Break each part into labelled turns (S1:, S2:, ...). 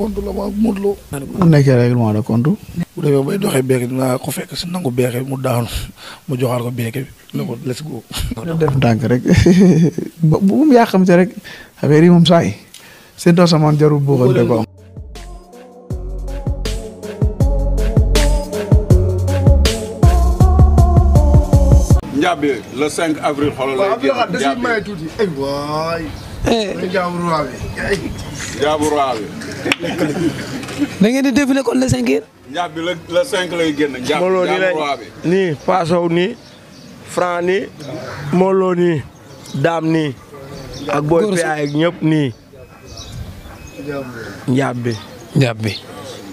S1: compte la ma Modou Lo. mu nekkee règlement de compte. bu demee bay doxee beeke dinaa ko fekk si nangu beeke mu daanu mu joxaat ko beeke bi ne ko def ndànk rek bu mu yàqamte rek affaire yi moom seen doo sama jarul buuxante ko am. Ndiaye le 5 avril xoolal lay génn. waaw Abdoulaye da siy maye tuuti ay jaabu roi bi. jaabu roi bi. ngeen di défilé kon le cinq yéen. njaab lay génn. njaab jaabu roi bi nii Paasow nii. Franc nii. Molo nii. Daam nii. ak Boy Faye ak ñëpp nii. njaab bi. njaab bi.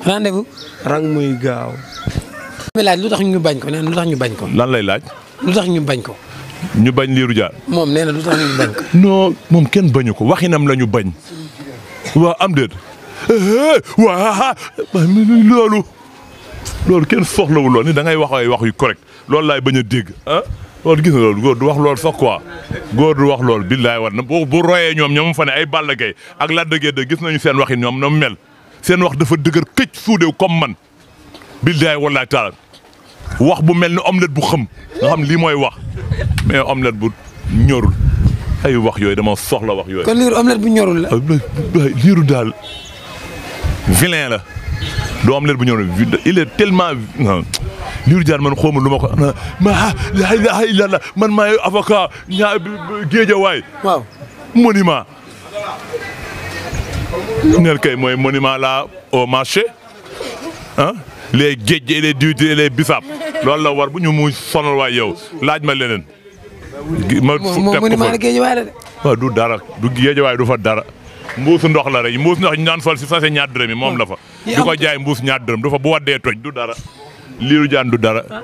S1: rendez-vous. rang muy
S2: gaaw. lu tax ñu bañ ko nee ñu bañ ko. lan lay laaj. lu tax ñu bañ ko.
S3: ñu bañ liiru Diane. moom na lu moom kenn bañu ko waxinam la ñu bañ. waa am déet. Eh, waa loolu. loolu kenn soxlawu lool ni da ngay wax ay wax yu correct loolu laay bañ a dégg ah loolu gis na loolu góor du wax loolu sax quoi góor du wax lool billaay war na bu bu royee ñoom ñoom fa ne ay ball Gaye ak Lac de Guiers gis nañu seen wax yi ñoom ñoom mel seen wax dafa dëgër këcc suudew comme man billaay wallaay taala wax bu mel ni omelette bu xëm nga xam lii mooy wax mais omelette bu ñorul ay wax yooyu dama soxla wax yooyu. kon liiru omelette bu ñorul la. liiru daal vilain la du omelette bu ñorul il est liiru jaar man xooma lu ma ko ma la ilaha illallah man maay avocat ñaa géejawaay. waaw monument. ngeen kay mooy monument la au marché les géej les diwtiir les bisaab loolu la war bu ñu mu sonal waay yow laaj ma leneen. ma waaw du dara du géejawaay du fa dara. mbuusu ndox la rek mbuus ndox ñu naan sol si sase ñaar dërëm mi moom la fa. du ko jaay mbuus ñaad dërëm du fa bu waddee toj du dara. liiru jaan du dara. Ah.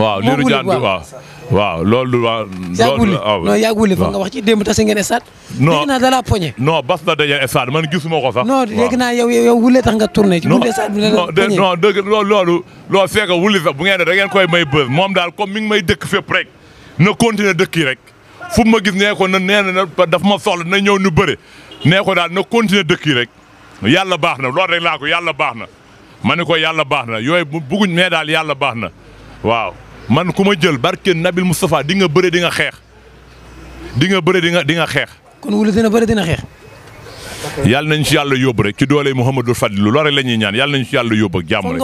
S3: waaw liiru jaan bi waaw waaw loolu du ah waaw. loolu waaw non yaa wuli fa nga
S2: wax ci démb tase ngeen stade. non dégg naa dala poñe.
S3: non bas la daje stade man gisuma ko sax. non dégg
S2: naa yow yow wule tax nga tourné. ci bunte stade bi la poñe
S3: non dëgg loolu loolu. loolu fekk wuli sax bu ngeen da ngeen koy may bës moom daal comme mi ngi may dëkk fépp rek na continuer dëkk yi rek fu ma gis nee na nee na daf ma soxla na ñëw ñu bëre nee ko daal na continuer dëkk yi rek yàlla baax na loolu rek laa ko yàlla baax na ma ne ko yàlla baax na yooyu bugguñ nee daal yàlla baax na waaw man ku ma jël barke Nabil Moustapha di nga bëre di nga xeex di nga bëre di xeex.
S2: kon wula dina bëre xeex.
S3: yàlla nañ ci yàlla yóbbu rek ci doole Mouhamadou Fadilou loolu rek la ñuy ñaan yàlla nañ ci yàlla yóbbu ak jàmm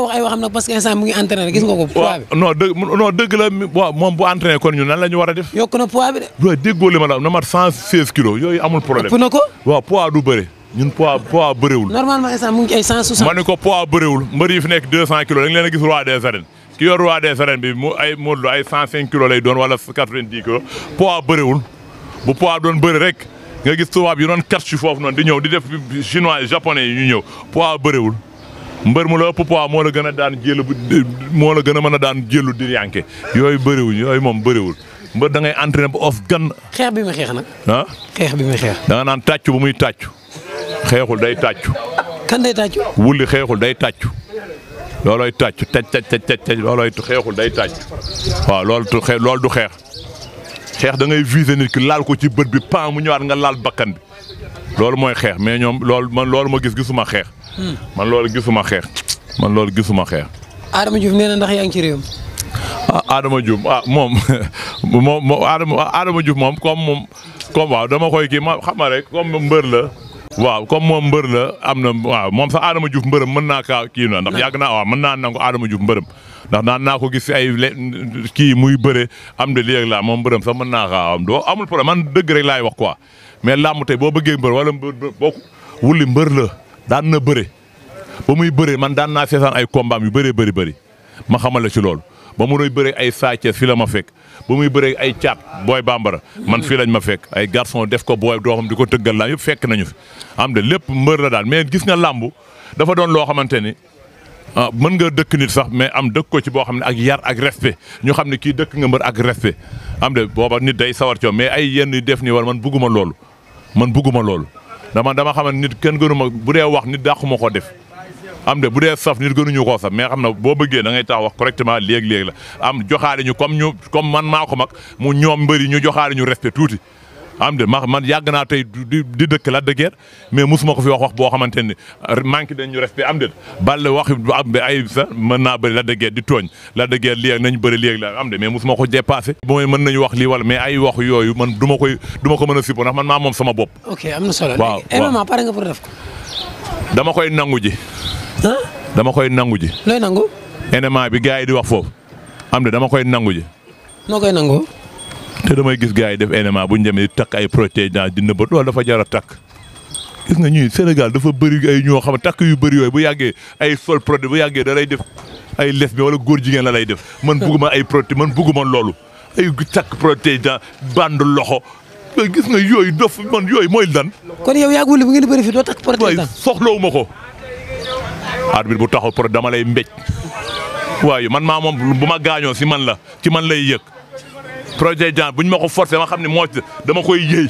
S3: dëgg non dëgg la moom bu entraîné kon ñu war a def. yokk na poids bi de. waaw déggoo li ma la na mat 116 kilos yooyu amul problème. ëpp na ko waaw poids du bëre. ñun poids poids bëriwul.
S2: normalement
S3: ko poids bëriwul mbër fi nekk 200 kilos leen a gis roi des arènes ki yor roi des arènes bi mu ay Modou ay cent cinq kilos lay doon wala quatre-vingt-dix kilos poids bëriwul bu poids doon bëri rek nga gis tubaab yi doon kat ci foofu noonu di ñëw di def chinois japonais yi ñu ñëw poids bëriwul mbër mu la ëpp poids moo la gën a daan jël bu moo la gën a mën a daan jëlu di yanke yooyu bëriwul yooyu moom bëriwul mbër da ngay entraîné ba of gan. xeex bi muy xeex na ah xeex bi muy xeex. da nga naan tàccu bu muy tàccu xeexul day tàccu. kan day tàccu. wulli xeexul day tàccu. loolooy tàcc taj taj taj taj loolooy xeexul day tàcc waaw loolu du xeex loolu du xeex xeex da ngay viser nit ki laal ko ci bët bi pan mu ñëwaat nga laal bakkan bi loolu mooy xeex mais ñoom loolu man loolu ma gis gisuma xeex. Hmm. man loolu gisuma xeex man loolu gisuma xeex. Adama Diouf nee na ndax yaa ngi ci réew mi ah Adama Diouf ah moom moom Adama Adama moom comme moom comme waaw dama koy kii ma xam rek comme mbër la. waaw comme moom mbër la am na waaw moom sax Adama Diouf mbërëm mën naa kaa kii na ndax mm. yàgg naa waaw mën naa nangu Adama Diouf mbërëm ndax naan naa ko gis fi ay kii muy bëre am de léegi laa moom mbërëm sax mën naa kaa am doo amul problème man dëgg rek laay wax quoi mais làmb tey boo bëggee mbër wala mbër boo wulli mbër la daan na bëre ba muy bëre man daan naa seetaan ay kombaam yu bëree bëri bëri ma xamal la ci loolu ba mu doy bëre ay saace fi la ma fekk bu muy bëree ay caat booy bambara man fii lañ ma fekk ay garçon def ko booy doo xam di ko tëggal laa yëpp fekk nañu fi am de lépp mbër la daal mais gis nga làmb dafa doon loo xamante ni ah, mën nga dëkk nit sax mais am dëkk ko ci boo xam ne ak yar ak respect ñu xam ne kii dëkk nga mbër ak respe am de booba nit day sawar coow mais ay yenn def ni war man bugguma loolu man bugguma loolu dama dama xam nit kenn gënuma bu dee wax nit dàquma ko def am de bu dee saf nit gënuñu koo saf mais xam na boo bëggee da ngay tax wax correctement léeg-léeg la am ñu comme ñu comme man maa ko mag mu ñoom mbëri ñu joxaale ñu tuuti am de ma man yàgg naa tey di dëkk la de guerre mais mosuma ko fi wax boo xamante ni manqué dañ ñu respect am de bal wax ay mën naa bëri la de di tooñ la de guerre nañ bëri léegi la am de mais mosuma ko dépassé. mooy mën nañu wax lii wala mais ay wax yooyu man du ma koy du ko mën a suppo ndax man maa moom sama bopp.
S2: ok am na solo pare nga pour def ko.
S3: dama koy nangu ji. dama koy nangu ji. looy nangu. NMA bi gars yi di wax foofu am de dama koy nangu ji. noo koy nangu te damay gis gars yi def NMA bu ñu demee di takk ay protégants di nëbbat loolu dafa jar a takk. gis nga ñuy Sénégal dafa bëri ay ñoo xam takk yu bëri yooyu bu yàggee ay sol produit bu yàggee da lay def ay lesbi wala góor jigéen la lay def. man bugguma ay proté man bugguma loolu. ay takk protégeant band loxo. gis nga yooyu dof man yooyu mooy lan. kon yow yaa ngi wuli bu ngeen di ma ko. arbitre bu taxaw pour a lay mbéj waaye man maa moom bu ma gaañoo si man la ci man lay yëg projet Dieng bu ñu ma ko forcé ma xam ne moo dama koy yëy.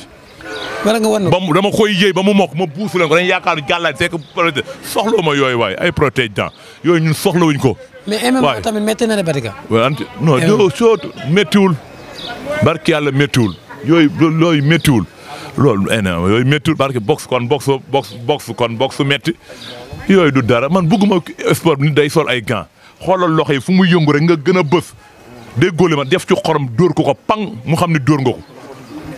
S3: wala nga wan ba mu dama koy yëy ba mu mokk ma buusu leen ko dañuy yaakaar gàllaaj fekk soxla ma yooyu waaye ay protège dent yooyu ñun soxlawuñ ko. mais MMA tamit
S2: métti na ne Batika.
S3: non soo méttiwul barki yàlla méttiwul yooyu looyu méttiwul loolu énorme eh, yooyu méttul parce que box kon box box box kon box métti yooyu du dara man bëgguma sport bi nit day sol ay gants xoolal loxo yi fu muy yëngu rek nga gën a bës déggoo li ma def ci xorom dóor ko ko pang mu xam ne dóor nga ko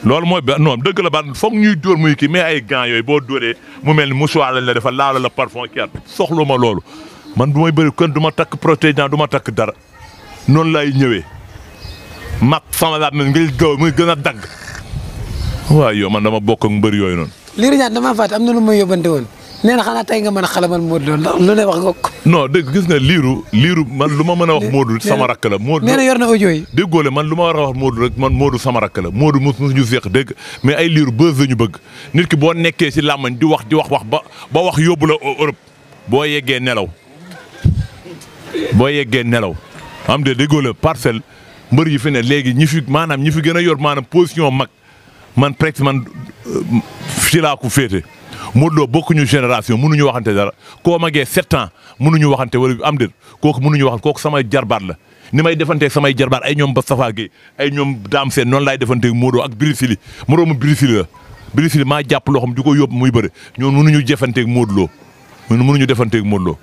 S3: loolu mooy ba noonu dëgg la ban foog ñuy dóor muy kii mais ay gants yooyu boo dóoree mu mel ni mouchoir lañ la dafa laala la parfum ki at soxlu ma loolu man bu may bëri kon du ma takk protège-dents du ma takk dara noonu lay ñëwee mag sama laat na nga gaw muy gën a dagg waaw yow man dama bokk ak mbër yooyu noonu.
S2: Lirou Diane damaa fàtte am na lu ma yóbbante woon nee na xanaa tey nga mën a xalamal Modou Lo ndax lu
S3: ne wax nga ko. non dégg gis nga Lirou Lirou man lu ma mën a wax Modou sama rakk la. Modou nee na yor na audio man lu ma war a wax rek man Modou sama rakk la Modou mos mos ñu seq mais ay Lirou buzz la ñu bëgg nit ki boo nekkee si làmmañ di wax di wax wax ba ba wax yóbbu la Europe boo yeggee nelaw boo yeggee nelaw am de déggoole parcelle mbër yi fi ne léegi ñi fi maanaam ñi fi gën a yor maanaam position mag man presque man fii euh, laa ko féete Modou Lo bokkuñu génération mënuñu waxante dara koo magee sept ans mënuñu waxante wala am déet kooku mënuñu waxal kooku sama jarbaat la ni may defantee samay jarbaar ay ñoom ba Moustapha Guèye ay ñoom Dame Sène noonu laay defante Modou ak Brésil moroomu Brésil la Brésil maa jàpp loxoom di ko yóbbu muy bëri ñoom mënuñu jëfanteeg Modou Lo mënuñu defanteeg Modou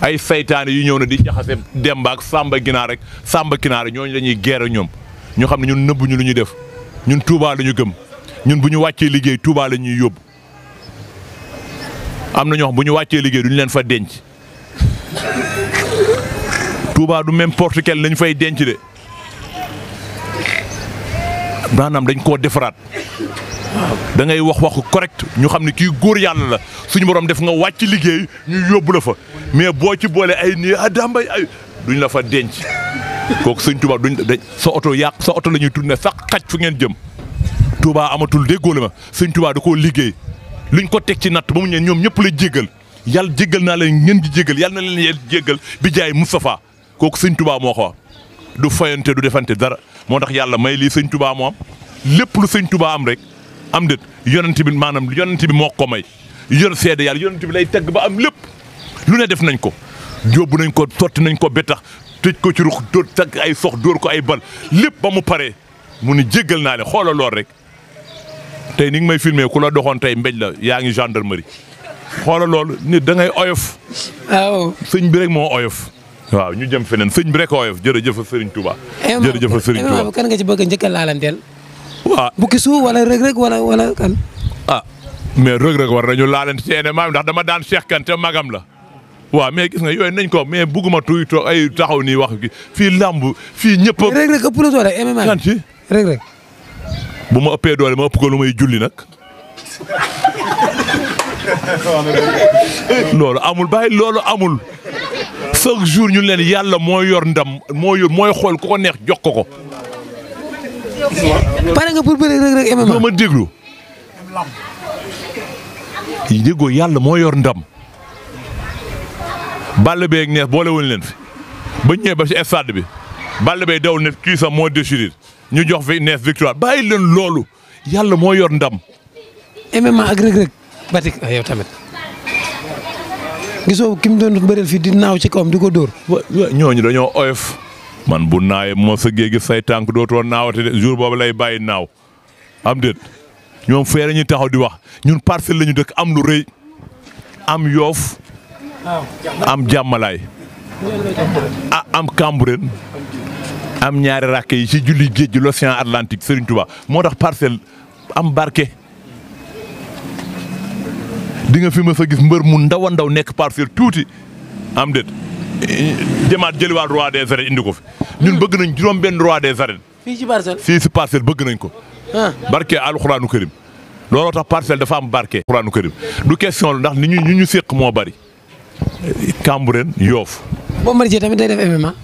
S3: ay seytaane yi ñëw na di jaxase Demba ak Samba Ginaar rek Samba Ginaar ñooñu la ñuy geer ñoom ñu xam ne ñun nëbbuñu lu ñu def ñun Touba lañu ñu gëm ñun bu ñu wàccee liggéey Touba la ñuy yóbbu am na ñoo xam bu ñu wàccee liggéey du leen fa denc tuubaa du même porte quel lañ fay denc de maanaam dañ koo defaraat dangay wax wax correct ñu xam ne kii góor yàlla la suñu borom def nga wàcc liggéey ñu yóbbu la fa mais boo ci boole ay nii ah dambay ay duñ la fa denc. kooku sëñ Touba duñ dañ sa oto yàq sa oto la ñuy na sax xaj fu ngeen jëm Touba amatul déggoole ma sëñ Touba da koo liggéey luñ ko teg ci natt ba mu ñëw ñoom ñëpp la jéggal yal jéggal naa leen ngeen di jéggal yàlla na leen yàlla jéggal bi jaay Moustapha kooku sëñ Touba moo ko du fayante du defante dara moo tax yàlla may lii sëñ Touba moo am lépp lu sëñ Touba am rek am det yonent bi maanaam yonent bi moo ko may yor seede yàlla yonent bi lay teg ba am lépp lu ne def nañ ko nañ ko sotti nañ ko ba tëj ko ci ruq dóor tagg ay sox dóor ko ay bal lépp ba mu paree mu ni jéggal naa ne xoola lool rek te ni ngi may filmé ku la doxoon tey mbéj la yaa ngi gendarmerie xoola lool nit da ngay oyof. waaw sëñ bi moo oyof. waaw ñu jëm feneen sëñ bi rek oyof jërëjëf a Touba. jërëjëf Serigne Touba eh, eh, kan nga ci bëgg njëkk a bu
S2: kisu wala rëg rëg wala kan.
S3: ah mais rëg rëg war nañu laalante ci MMA ndax dama daan Cheikh Kanté magam la. waaw mais gis nga yooyu nañ ko mais bugguma tuy toog ay taxaw nii wax fii làmb fii ñëpp. mais rek rek ëpp la doole MMA kan
S2: ci rek rek.
S3: bu ma ëppee doole ma ëpp ko lu may julli nag. loolu amul bàyyi loolu amul chaque jour ñu leen yàlla moo yor ndam moo yor mooy xool ku ko neex jox ko ko. pare nga pour bëri yàlla moo yor ndam. Balla Gaye ak boole wuñ leen fi ba ñëwee ba ci stade bi Balla Gaye dawul ne kii sax moo déchiré ñu jox fi Ness victoire bàyyi leen loolu yàlla moo yor ndam.
S2: MMA ak Reug Reug
S3: Batik ah, yow tamit gisoo ki mu doon
S2: bëreel di naaw ci kawam di
S3: ko dóor. ñooñu dañoo oyof man bu naawee moo sëggee gis say tànk dootoo naawate de jour boobu lay bàyyi naaw am déet ñoom fee la ñuy taxaw di wax ñun parcelle lañu dëkk am lu rëy am yoof am jàmmalaay am Cambérène am ñaari rakk yi ci julli géej gi l'océan Atlantique Serigne moo tax parcelle am barke. di nga fi ma sa gis mbër mu ndawa ndaw nekk parcelle tuuti am déet jëmaat jëliwaat roi de arènes indi ko fi ñun bëgg nañ juróom benn roi des arènes.
S2: fii
S3: ci parcelle bëgg nañ ko. Ah. barke alxuraanu karim looloo tax parcelle dafa am barke. alxuraanu karim du question ndax ni ñu ñu séq moo bari. Cambérène Yoff.
S2: Bombardier tamit day def MMA.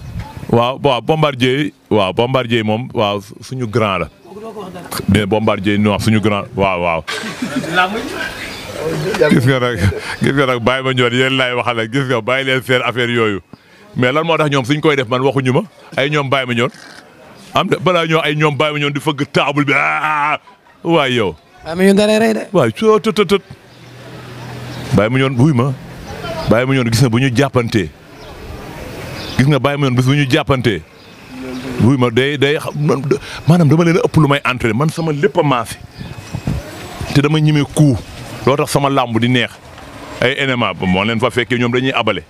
S3: waaw waaw Bombardier waaw Bombardier moom waaw suñu grand la. mais Bombardier non suñu grand waaw waaw. gis nga nag gis ma ñëw yéen laay waxal gis nga bàyyi leen seen affaire yooyu mais lan dax tax ñoom suñ koy def man waxuñu ma ay ñoom bàyyi ma ñëw am na balaa ñoo ay ñoom bàyyi ma ñëw di fëgg taabul bi ah yow.
S2: bàyyi ma ñëw daree rey de. waaye coo tët tët
S3: bàyyi ma ñëw wuy ma. bàyyi ma ñoon gis nga bu ñu jàppantee gis nga bàyyi ma ñoon bis bu ñu jàppantee buy ma day day maanaam dama leen ëpp lu may entre man sama lépp a maase te dama ñime kuu loo tax sama làmb di neex ay enema moo leen fa fekkee ñoom dañuy abale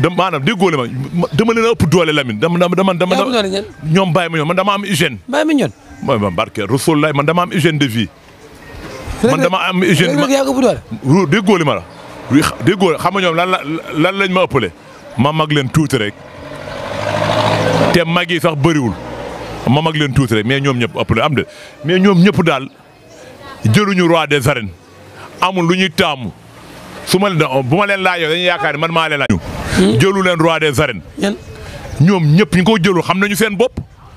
S3: da maanaam déggoo le ma dama leen a ëpp doole Lamine dama dama dama ñoom bàyyi ma ñoon ma dama am hygiène bàyyi ma ñoon mooy ma barke Rasulullah man dama am hygiène de vie man dama am hygiène déggoo li ma la déggoo xam nga ñoom lan la lan lañ ma ëppale ma mag leen tuuti rek te mag yi sax bëriwul ma mag leen tuuti rek mais ñoom ñëpp ëppale am de mais ñoom ñëpp daal jëluñu roi des arènes amul lu ñuy taamu suma ma leen bu ma leen laajee dañuy ne man maa leen laaj. Hmm? jëlu leen roi des arènes. ñoom ñëpp ñu ko jëlu xam nañu seen bopp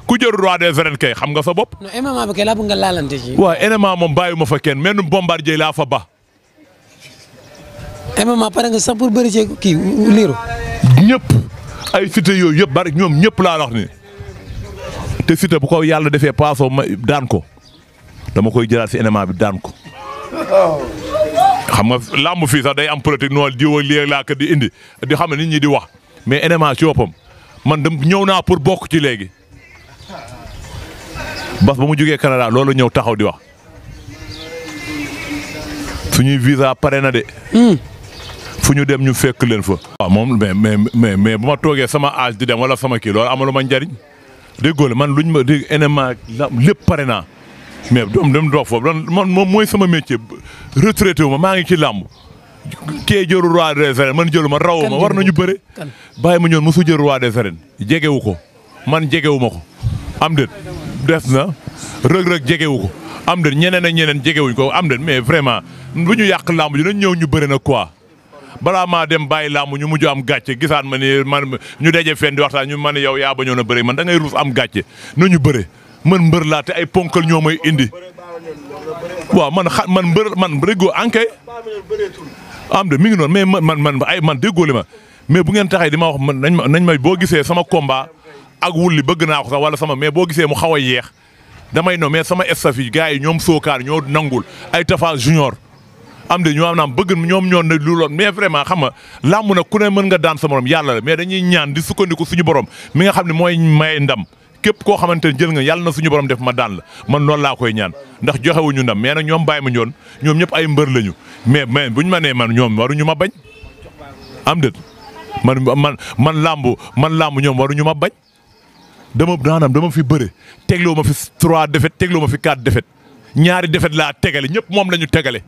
S3: ku jëlu roi des arènes kay xam nga sa bopp.
S2: non MMA bi kay laa bëgg nga laalante ci. waaw
S3: MMA moom bàyyi laa fa ba.
S2: MMA pare nga sax pour bëri ci kii liiru.
S3: ñëpp ay Siteu yooyu yëpp bari ñoom ñëpp laa wax ni te Siteu bu ko yàlla defee paasoo ma daan ko dama koy jëlaat si MMA bi daan ko. xam nga làmb fii sax day am politique noonu di woo léegi laa di indi di xam ne nit ñi di wax mais MMA ci boppam man dem ñëw naa pour bokk ci léegi. bas ba mu jógee Canada loolu ñëw taxaw di wax suñuy visa pare na de. Hmm. fu ñu dem ñu fekk leen fa. waaw moom mais mais mais bu ma toogee sama âge di dem wala sama kii ama amalu ma njariñ déggoo la man luñ ma dégg NMA lépp pare naa mais doom dem dox foofu lan man moom mooy sama métier retraité wu ma maa ngi ci làmb. kee jël roi des man jëlu ma raw ma war na ñu bëre. bàyyi ma ñoon mosu jël roi des arènes jegewu ko man jegewu ma ko. am déet def na rëg jege jegewu ko am déet ñeneen ak jege jegewuñ ko am déet mais vraiment bu ñu yàq làmb ji nañ ñëw ñu bëre na quoi. balaa maa dem bàyyi làmb ñu mujj am gàcce gisaan ma ni man ñu daje fenn di waxtaan ñu man ne yow yaa bañoon a bëre man da ngay ruus am gàcce nu ñu bëre man mbër laa te ay ponkal ñoo may indi. waaw man xa man mbër man déggoo ankay am de mi ngi noonu mais man man ay man déggoo li ma mais bu ngeen taxee di ma wax man nañ ma nañ ma boo gisee sama combat ak wulli bëgg naa ko sax wala sama mais boo gisee mu xaw a yeex damay no mais sama staff yi gars yi ñoom sookaar ñoo nangul ay Tafa Junior. am de ñu am naam bëgg ñoom ñoon na lu mais vraiment xam nga làmb nag ku ne mën nga daan sa morom yàlla mais dañuy ñaan di sukkandiku suñu borom mi nga xam ne mooy may ndam képp koo xamante ne jël nga yàlla na suñu borom def ma daan man noonu koy ñaan ndax joxewuñu ndam mais nag ñoom bàyyi ma ñoon ñoom ñëpp ay mbër lañu mais mais buñu manee man ñoom waruñu ma bañ am de man man man làmb man làmb ñoom waruñu ma bañ dama daanam dama fi bëre tegloo ma fi trois défaites tegloo ma fi quatre défaites ñaari défaites laa tegale ñëpp moom la ñu tegale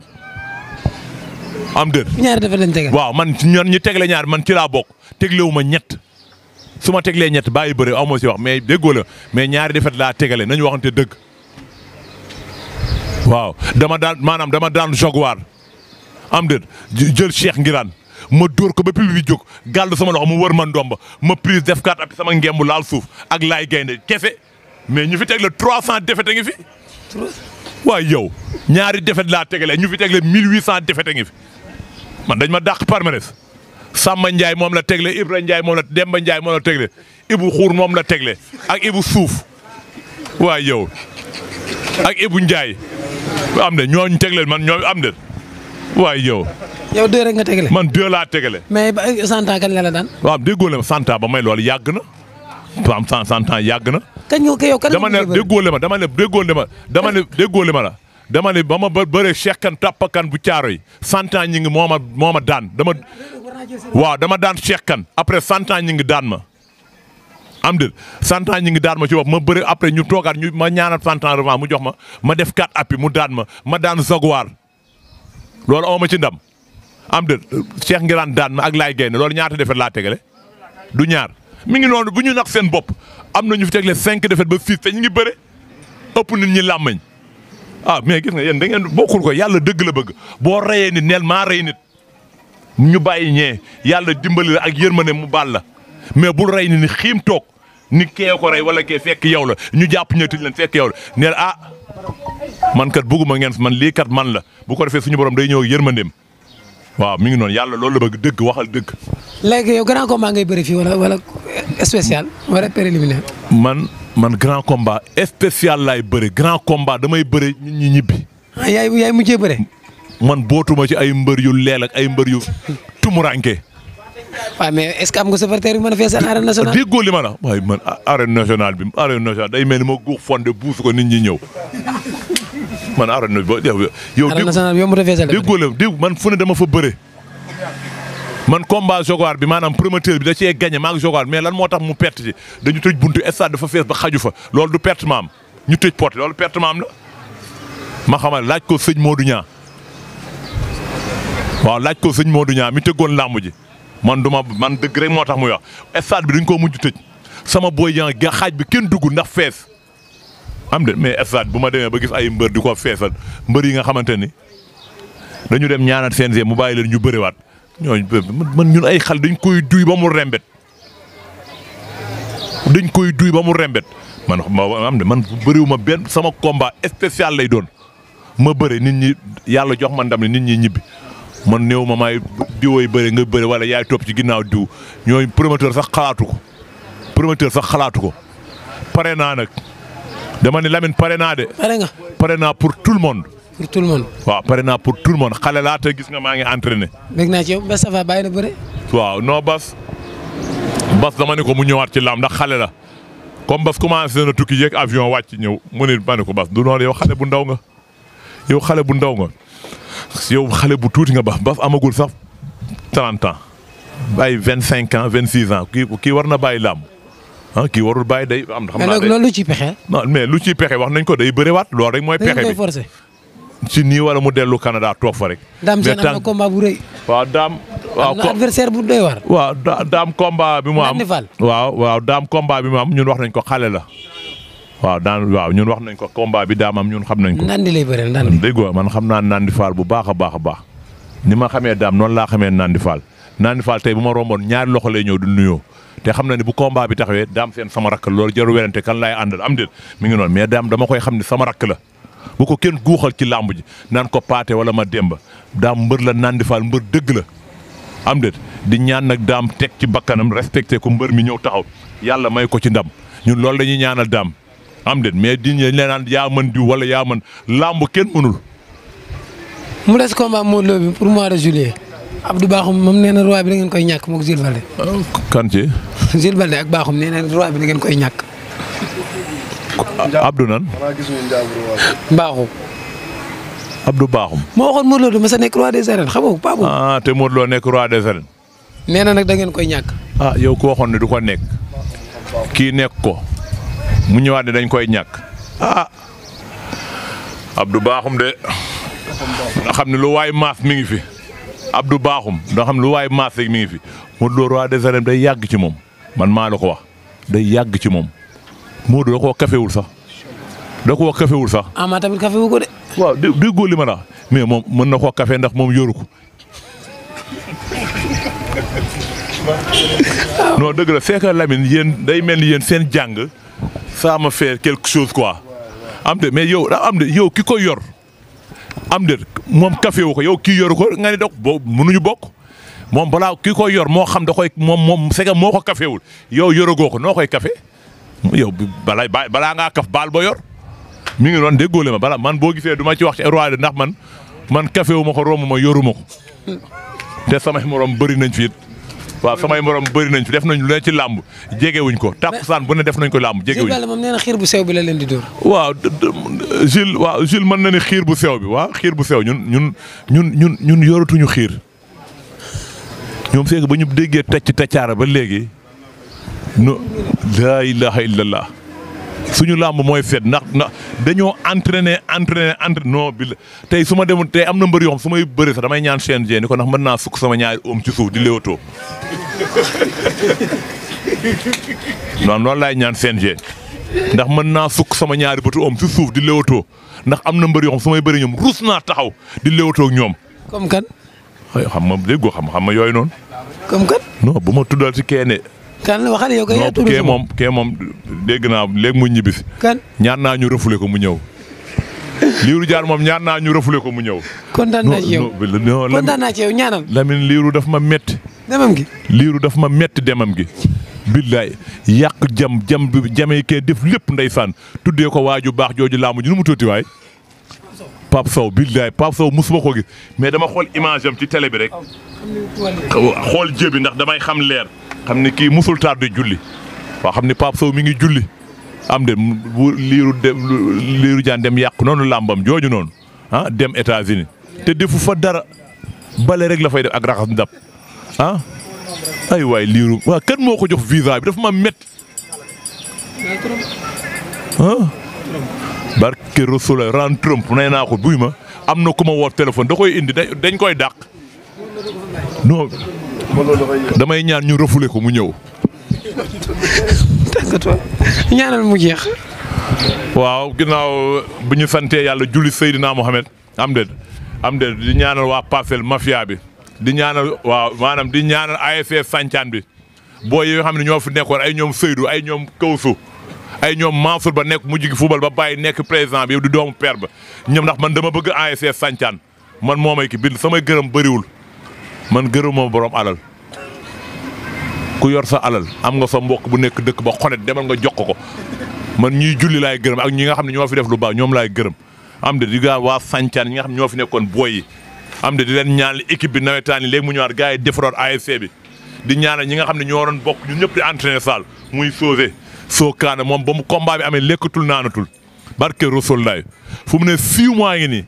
S3: am dër ñaari dafa lañ tege. waaw man ñoon ñu tegle ñaar man ci laa bokk teglewu ma ñett su ma teglee ñett yi bëri aw ma si wax mais déggoo la mais ñaari defet laa tegale nañu waxante dëgg. waaw dama daal maanaam dama daan jogwaar am dër jël Cheikh Ngiraan ma dóor ko ba pil bi jóg gàll sama loxo mu wër ma ndomba ma prise def kaat ak sama ngemb laal suuf ak laay gaynde kese mais ñu fi tegle trois 300 defet a ngi fi. waaye yow ñaari defet laa tegale ñu fi tegle 1800 defet a ngi fi man dañ ma dàq palmarès Samba njaay moom la tegle Ibra njaay moom la Demba Ndiaye moom la tegle Ibu Xuur moom la tegle ak Ibu Suuf waaye yow ak Ibu njaay am de ñooñu tegle man ñoo am de waaye yow. yow deux rek nga tegale. man deux laa tegele
S2: mais Santa kan la la daan.
S3: waaw déggoo leen Santa ba may loolu yàgg na. am cent cent ans yàgg na. kañ nga yow kan dama ne déggoole ma dama ne déggoole ma dama ne ma la. dama ne ba ma ba bëree Cheikh kan tàppakan bu caaro yi cent ñi ngi moo ma moo ma daan dama. waaw dama daan Cheikh kan après cent ans ñi ngi daan ma. am dëgg cent ñi ngi daan ma ci bopp ma bëri après ñu toogaat ñu ma ñaanal cent ans revanche mu jox ma ma def quatre appi mu daan ma ma daan Jaguar loolu aw ma ci dam am dëgg Cheikh Ngiraan daan ma ak Laye Guèye loolu ñaata defe laa tegale du ñaar. mi ngi noonu bu ñu nax seen bopp am na ñu fi tegle cinq défaites ba six te ñu ngi bëre ëpp nit ñi làmmañ a ah mais gis nga yéen da ngeen bokkul ko yàlla dëgg la bëgg boo reyee nit neel maa rey nit ñu bàyyi ñee yàlla dimbali la ak yërmande mu baal la mais bul rey ni xiim toog ni kee ko rey wala kee fekk yow la ñu jàpp ñu tëj leen fekk yow la neel ah man kat bëgguma ngeen man lii kat man la bu ko defee suñu borom day ñëw yërmandeem waaw mi ngi noonu yàlla loolu la bëgg dëgg waxal dëgg.
S2: léegi yow grand combat ngay bëri fii wala wala war wala préliminaire.
S3: man man grand combat spécial laay bëri grand combat damay bëri nit ñi ñibbi. Ah, yaay yaay mujjee bëre. man bootuma ci ay mbër yu leel ak ay mbër yu tumuranke.
S2: waaw mais est-ce que am nga supporter yu mën a feesal arène nationale. déggoo
S3: li ma la waaye man arène nationale bi arène nationale day mel ni ma guux fonde buus ko nit ñi ñëw. man arène ba yow. yow déggoo dégg man fu ne dama fa bëre. man combat Jogar bi maanaam promoteur bi da cee gagné maag Jogar mais lan moo tax mu perte ci dañu tëj buntu stade fa fees ba xaju fa loolu du perte maam ñu tëj porte loolu perte maam la. ma xamal laaj ko sëñ Modou Niang waaw laaj ko sëñ moo Niang mi tëggoon làmb ji man man dëgg rek moo tax mu wax stade bi dañ koo mujj tëj sama boy Niang ga xaaj bi kenn dugg ndax fees. am de mais stade bu ma demee ba gis ay mbër di ko feesal mbër yi nga xamante ni dañu dem ñaanat CNG mu bàyyi leen ñu bëriwaat ñooñu man ñun ay xal dañ koy duy ba mu rembet dañ koy duy ba mu rembet man am de man bëriwuma benn sama combat spécial lay doon ma bëri nit ñi yàlla jox ma ndam ne nit ñi ñibbi man néew ma maay diwooy bëri nga bëri wala yaay topp ci ginnaaw diw ñooy promoteur sax xalaatu ko promoteur sax xalaatu ko pare naa nag. dama ne lamin pare naa de. pare nga naa pour tout le monde. pour tout le monde. waaw pare naa pour tout le monde xale laa gis nga maa ngi entraîné.
S2: dégg naa ci yow Bas Safa bàyyi na bëre.
S3: waaw non Bas Bas dama ne ko mu ñëwaat ci lamb ndax xale la comme Bas commencé na tukki yéeg avion wàcc ñëw mu ne ko Bas du noonu yow xale bu ndaw nga yow xale bu ndaw nga yow xale bu tuuti nga Bas Bas amagul sax 30 ans ay 25 ans 26 ans kii kii war na bàyyi lamb. ah kii warul baayi day am. xam naa loolu lu lu ciy pexe wax nañ ko day bëriwaat loolu rek mooy. pexe bi si nii wala mu dellu Canada toog fa rek. daam seen am na combat daam. waaw am na adversaire bu doy war. waaw daam combat waaw waaw daam combat bi mu am ñun wax nañ ko xale la. waaw daan ñun wax nañ ko combat bi daam am ñun xam nañ ko. nandi lay bëre nandi. dégg nga man xam naa nandi faal bu baax a baax a baax. ni ma xamee daam noonu laa xamee nandi faal nandi faal tey bu ma romboon ñaari loxo lay ñëw du nuyoo te xam na ne bu combat bi taxawee daam seen sama rakk loolu jarul werante kan laay àndal am déet mi ngi noonu mais daam dama koy xam ne sama rakk la bu ko kenn guuxal ci làmb ji naan ko paate wala ma demba daam mbër la naan di faal mbër dëgg la am déet di ñaan nag daam teg ci bakkanam respecté ko mbër mi ñëw taxaw yàlla may ko ci ndam ñun loolu dañuy ñaanal daam am déet mais di ñu naan yaa mën diw wala yaa mën làmb kenn mënul.
S2: mu des combat Modou de juillet. Abdou Bakhoum moom nee na roi bi da ngeen koy ñàkk moog Jules Balde. kan ci. Jules ngeen koy ñàkk. Abdou nan.
S3: Bakhoum. Abdou Bakhoum. moo waxoon Modou Lo du ma sa nekk roi des arènes xam nga ah, te Modou Lo nekk roi des arènes.
S2: nee na nag da ngeen koy ñàkk.
S3: ah yow ku waxoon ne du ko nekk. kii nekk ko. mu ñëwaat ne dañ koy ñàkk. ah. Abdou Bakhoum de. nga xam ne lu waay maaf mi ngi fi. Abdou Bakhoum nga xam lu waaye maas rek mi ngi fi Modou Lo roi des arènes day yàgg ci moom man maa la ko wax day yàgg ci moom Modou da koo kafewul sax da koo kafewul sax. Ama
S2: ah, tamit kafewu ko de.
S3: waaw déggoo li ma la mais moom mën na koo kafe ndax moom yoru ko. non dëgg la c'est que Lamine yéen day mel ni yéen seen jàng. ça m'a fait quelque chose quoi. am de mais yow am de yow ki koy yor. am déet moom café wu ko yow kii yoru ko nga ne donc boo mënuñu bokk moom balaa kii koy yor moo xam da koy moom moom c'est moo ko café wul yow yoragoo ko noo koy café yow balay balaa ngaa kaf baal boo yor mi ngi doon déggoole ma bala man boo gisee du ma ci wax ci roi ndax man man café ma ko romb ma yoru ma ko hmm. te samay morom bëri nañ fi waaw samay morom bëri nañ fi def nañ lu ci làmb jegewuñ ko tàkkusaan bu ne def nañ ko làmb jegewuñ ko
S2: moom nee na bu sew leen di dóor
S3: waaw Jules waaw Jules mën na ni xiir bu sew bi waa xiir bu sew ñun ñun ñun ñun ñun yoratuñu xiir ñoom feeg ba ñu déggee tecc teccaara ba léegi no laa ilaha illallah suñu làmb mooy fet ndax ndax dañoo entraîné entraîné entraîné non bi la tey su ma demoon tey am na mbër yoo xam su may bëri sax damay ñaan CNG ni ko ndax mën naa sukk sama ñaari oom ci suuf di léewatoo non laay ñaan CNG ndax mën naa sukk sama ñaari bëtu suuf di léewatoo ndax am na mbër yoo xam su may bëri ñoom rus naa taxaw di léewatoo ñoom. comme kan. xam nga déggoo xam xam ma yooyu noonu. comme kan. non bu ma tuddal ci kenn
S2: kan waxal yow ko yaa tudd kee moom
S3: kee moom dégg naa léegi mu ñibbi si. ñaan naa ñu refoulé ko mu ñëw. liiru jaan moom ñaan naa ñu refoulé ko mu ñëw. kontaan naa ci yow kontaan naa ci liiru daf ma metti demam gi liiru daf ma metti demam gi. billaay yàq jam jam bi jamee kee def lépp ndeysaan tuddee ko waaju baax jooju laamu ji nu mu tuuti waay. Pape Sow billaay Pape Sow musuma ko gis mais dama xool image am ci tele bi rek. xool jëbi ndax damay xam leer. xam ni kii musul tardé julli waa xam ni Pape Sow mi ngi julli am de liiru de liiru jaan dem yàq noonu làmbam jooju noonu ah dem États-Unis te defu fa dara bale rek la fay def ak raxas ndab ah. ay waay liiru waa kan moo ko jox visa bi dafa ma met ah barke Rasulullah ren Trump nee naa ko buy ma am na ku ma woo téléphone da koy indi dañ koy dàq non damay ñaan ñu refoulé ko mu ñëw. tàggatoo ñaanal mu jeex. waaw ginnaaw bu ñu santee yàlla julli Seydina Mohamed am déet am déet di ñaanal waa Parcelles mafia bi di ñaanal waaw maanaam di ñaanal AFC Santhiane bi boo yi nga xam ne ñoo fi nekkoon ay ñoom Seydou ay ñoom Kawsu ay ñoom Mansour ba nekk mujj gi football ba bàyyi nekk président bi yow di doomu père ba ñoom ndax man dama bëgg AFC Santhiane man moomay ki bind samay gërëm bëriwul. man gërëm moom boroom alal ku yor sa alal am nga sa mbokk bu nekk dëkk ba xonet demal nga jox ko man ñuy julli laay gërëm ak ñi nga xam ne ñoo fi def lu baax ñoom laay gërëm am de di gaa waa Sancaan ñi xam ñoo fi nekkoon booy yi am de di leen ñaanal équipe bi nawetaan yi léegi mu ñëwaat gars yi defaroon ASC bi di ñaanal ñi nga xam ne ñoo doon bokk ñun ñëpp di entraîné saal muy sauvé soo kaana moom ba mu combat bi amee lekkatul naanatul barke Rasul laay fu mu ne six mois ngi nii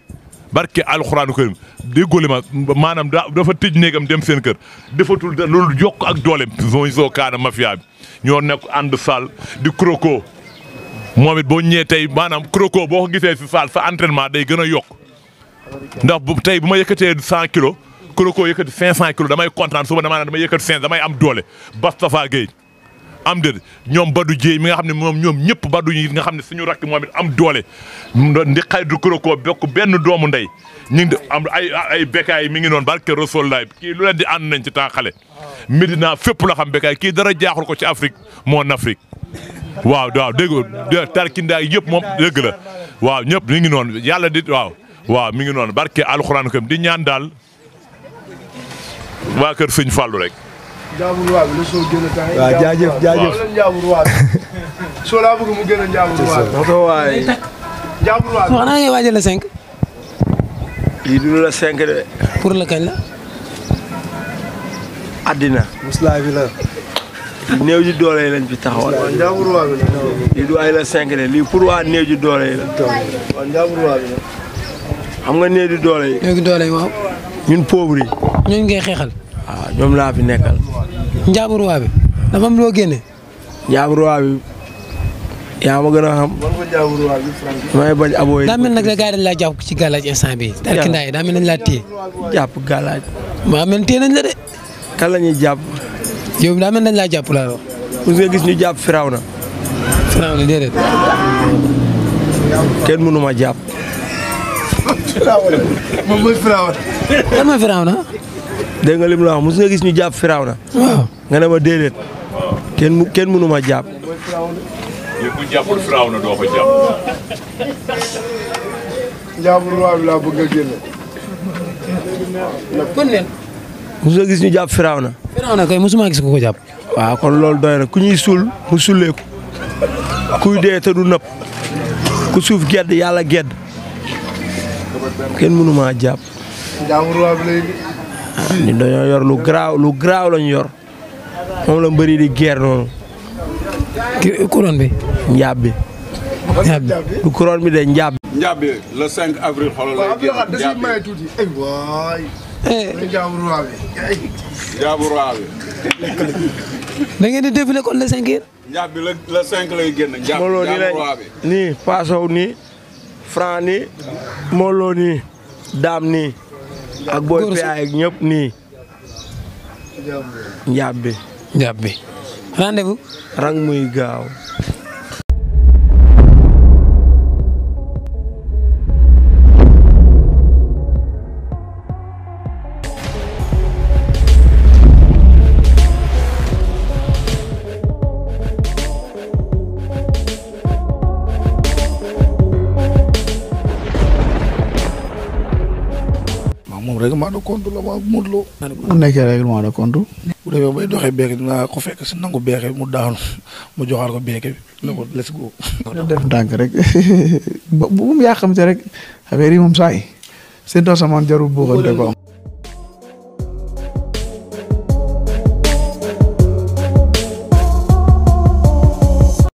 S3: barke alxuraanu karim déggoo ma maanaam dafa tëj néegam dem seen kër defatul da loolu yokk ak dooleem. soo soo kaana mafia bi ñoo nekk ànd saal di croco moom it boo ñëwee tey maanaam croco boo ko gisee fi saal sa entraînement day gën a yokk ndax bu tey bu ma yëkkatee cent kilos croco yëkkati cinq cent kilos damay kontaan suba damaa ne damay yëkkati cinq damay am doole Bastafa Gueye am dër ñoom Badou Dieye mi nga xam ne moom ñoom ñëpp Badou yi nga xam ne suñu rakk moom it am doole ndi xaydu kurokoo bokk benn doomu ndey ñu ngi am ay ay bekkaay mi ngi noon barke Rasul laay kii lu leen di ànd nañ ci temps xale Medina fépp la xam bekkaay kii dara jaaxul ko ci Afrique moon Afrique waaw waaw dégg tarkindaay yëpp moom dëgg la waaw ñëpp mi ngi noonu yàlla di waaw waaw mi ngi noonu barke alxuraan kam di ñaan daal waa kër sëñ Fallou rek
S1: jaamu ruwaay bi la soo gën a temps. waaw jaajëf jaajëf waaw jaamu ruwaay bi soo laa bëgg mu gën a jaamu ruwaay
S3: bi. waaw waay.
S1: jaamu ruwaay bi xanaa ngay waajal la cinq. lii du la cinq de. pour la kañ la. addina. muslaay bi la. néew ji doole yi lañ fi taxawal. waaw jaamu ruwaay bi la. lii du ay la cinq de lii pour waa néew ji doole yi la. waaw jaamu ruwaay bi la. xam nga néew ji doole yi. néew ji doole yi waaw. ñun pauvre yi. ñooñu ngay xeexal. waaw ah, ñoom laa fi nekkal. Njaabu Roi bi dafa am loo génne. Njaabu Roi bi yaa gën a xam. war nga Njaabu may bañ abooy. daa nag
S2: la gars dañ laa jàpp ci gàllaaj instant bii. jàpp nañ laa téye. jàpp
S1: gàllaaj. maa mel téye nañ la de. kan la ñuy jàpp. yow nañ laa jàpp laa wax. mos nga gis ñu jàpp Firawna. Firawna déedéet. kenn mënu ma jàpp. Firawna moom mooy Firawna. dégg nga lim nga gis ñu jàpp firaaw na. waaw nga ne jàpp.
S3: yéen na doo
S1: gis ñu jàpp firaaw na. firaaw gis ko jàpp. waaw kon loolu doy ku ñuy suul mu sulleeku kuy dee du nëpp ku suuf gedd yàlla gedd kenn mënu maa jàpp. Ah. ñun dañoo yor lu garaaw lu garaaw lañ yor moom la mbëri di guerre noonu. couronne bi. njaab bi. njaab bi du couronne bi de njaab. njaab bi le 5 avril xoolal lay génn njaab bi jaabu roi bi. jaabu roi bi. da ngeen di défilé kon le cinq yéen. njaab bi le cinq lay génn. jaabu roi bi nii Paasow nii Franc nii. Molo nii Daam nii. ak booy PA ak ñëpp nii. njàbbi njàbbi rendez-vous. rang muy gaaw. compte la ma Modou Lo. mu nekkee règlement de compte. bu demee bay doxee beeke dinaa ko fekk si nangu beeke mu daanu mu joxaat ko beeke bi ne ko let's go. def ndànk rek ba bu mu yàqamte rek affaire yi moom saa yi seen doosamaan jarul boo ko.